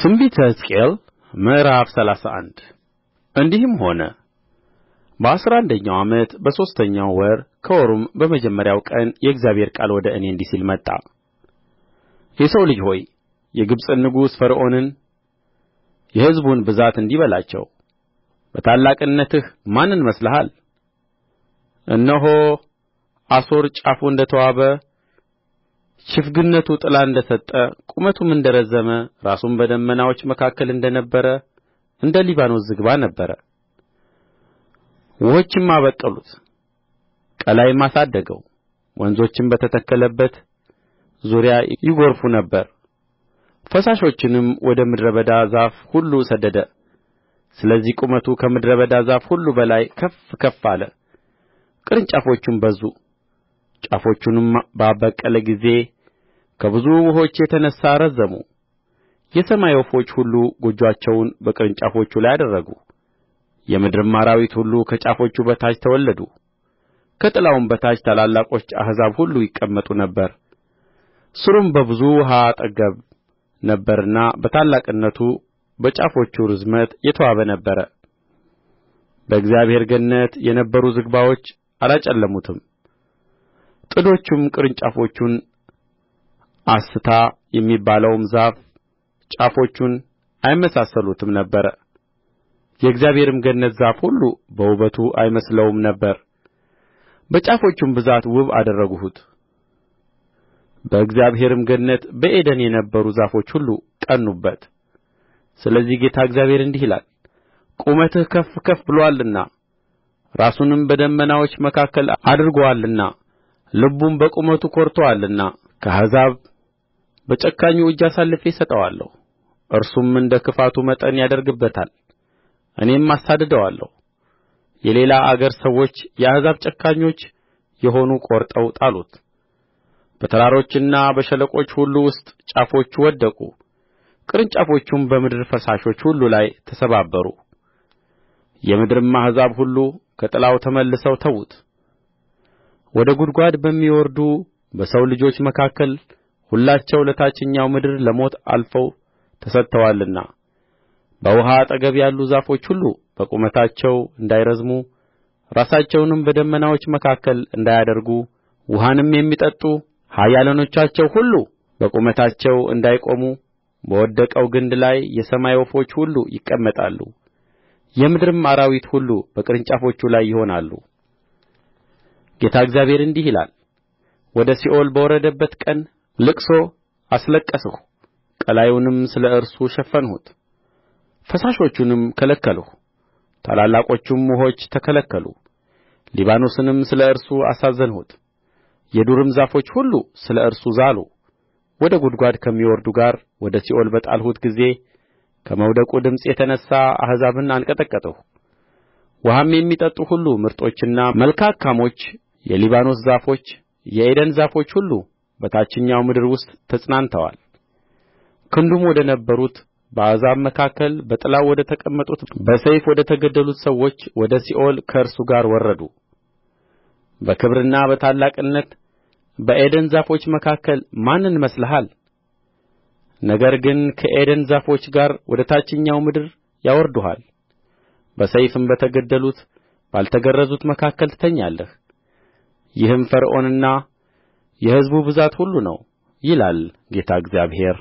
ትንቢተ ሕዝቅኤል ምዕራፍ ሰላሳ አንድ እንዲህም ሆነ በአሥራ አንደኛው ዓመት በሦስተኛው ወር ከወሩም በመጀመሪያው ቀን የእግዚአብሔር ቃል ወደ እኔ እንዲህ ሲል መጣ የሰው ልጅ ሆይ የግብጽን ንጉሥ ፈርዖንን የሕዝቡን ብዛት እንዲህ በላቸው በታላቅነትህ ማንን መስለሃል እነሆ አሦር ጫፉ እንደ ተዋበ ችፍግነቱ ጥላ እንደ ሰጠ ቁመቱም እንደ ረዘመ ራሱም በደመናዎች መካከል እንደ ነበረ እንደ ሊባኖስ ዝግባ ነበረ ውኆችም አበቀሉት ቀላይም አሳደገው ወንዞችም በተተከለበት ዙሪያ ይጐርፉ ነበር ፈሳሾችንም ወደ ምድረ በዳ ዛፍ ሁሉ ሰደደ ስለዚህ ቁመቱ ከምድረ በዳ ዛፍ ሁሉ በላይ ከፍ ከፍ አለ ቅርንጫፎቹም በዙ ጫፎቹንም ባበቀለ ጊዜ ከብዙ ውኆች የተነሣ ረዘሙ የሰማይ ወፎች ሁሉ ጎጆቻቸውን በቅርንጫፎቹ ላይ አደረጉ የምድርም አራዊት ሁሉ ከጫፎቹ በታች ተወለዱ ከጥላውም በታች ታላላቆች አሕዛብ ሁሉ ይቀመጡ ነበር ሥሩም በብዙ ውኃ አጠገብ ነበረና በታላቅነቱ በጫፎቹ ርዝመት የተዋበ ነበረ በእግዚአብሔር ገነት የነበሩ ዝግባዎች አላጨለሙትም ጥዶቹም ቅርንጫፎቹን አስታ የሚባለውም ዛፍ ጫፎቹን አይመሳሰሉትም ነበር የእግዚአብሔርም ገነት ዛፍ ሁሉ በውበቱ አይመስለውም ነበር በጫፎቹም ብዛት ውብ አደረግሁት በእግዚአብሔርም ገነት በዔድን የነበሩ ዛፎች ሁሉ ቀኑበት ስለዚህ ጌታ እግዚአብሔር እንዲህ ይላል ቁመትህ ከፍ ከፍ ብሎአልና ራሱንም በደመናዎች መካከል አድርጎአልና ልቡም በቁመቱ ኰርቶአልና ከአሕዛብ በጨካኙ እጅ አሳልፌ እሰጠዋለሁ እርሱም እንደ ክፋቱ መጠን ያደርግበታል እኔም አሳድደዋለሁ የሌላ አገር ሰዎች የአሕዛብ ጨካኞች የሆኑ ቈርጠው ጣሉት በተራሮችና በሸለቆች ሁሉ ውስጥ ጫፎቹ ወደቁ ቅርንጫፎቹም በምድር ፈሳሾች ሁሉ ላይ ተሰባበሩ የምድርም አሕዛብ ሁሉ ከጥላው ተመልሰው ተዉት ወደ ጕድጓድ በሚወርዱ በሰው ልጆች መካከል ሁላቸው ለታችኛው ምድር ለሞት አልፈው ተሰጥተዋልና በውኃ አጠገብ ያሉ ዛፎች ሁሉ በቁመታቸው እንዳይረዝሙ ራሳቸውንም በደመናዎች መካከል እንዳያደርጉ ውኃንም የሚጠጡ ኃያላኖቻቸው ሁሉ በቁመታቸው እንዳይቆሙ በወደቀው ግንድ ላይ የሰማይ ወፎች ሁሉ ይቀመጣሉ የምድርም አራዊት ሁሉ በቅርንጫፎቹ ላይ ይሆናሉ ጌታ እግዚአብሔር እንዲህ ይላል ወደ ሲኦል በወረደበት ቀን ልቅሶ አስለቀስሁ ቀላዩንም ስለ እርሱ ሸፈንሁት ፈሳሾቹንም ከለከልሁ ታላላቆቹም ውኆች ተከለከሉ ሊባኖስንም ስለ እርሱ አሳዘንሁት የዱርም ዛፎች ሁሉ ስለ እርሱ ዛሉ ወደ ጕድጓድ ከሚወርዱ ጋር ወደ ሲኦል በጣልሁት ጊዜ ከመውደቁ ድምፅ የተነሣ አሕዛብን አንቀጠቀጥሁ ውኃም የሚጠጡ ሁሉ ምርጦችና መልካካሞች የሊባኖስ ዛፎች የዔደን ዛፎች ሁሉ በታችኛው ምድር ውስጥ ተጽናንተዋል ክንዱም ወደ ነበሩት በአሕዛብ መካከል በጥላው ወደ ተቀመጡት በሰይፍ ወደ ተገደሉት ሰዎች ወደ ሲኦል ከእርሱ ጋር ወረዱ በክብርና በታላቅነት በዔደን ዛፎች መካከል ማንን መስለሃል ነገር ግን ከዔደን ዛፎች ጋር ወደ ታችኛው ምድር ያወርዱሃል በሰይፍም በተገደሉት ባልተገረዙት መካከል ትተኛለህ ይህም ፈርዖንና የሕዝቡ ብዛት ሁሉ ነው ይላል ጌታ እግዚአብሔር